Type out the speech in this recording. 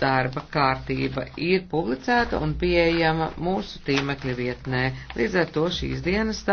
darba kārtība ir publicēta un pieejama mūsu tīmekļa vietnē. Līdz ar to šīs dienas tā.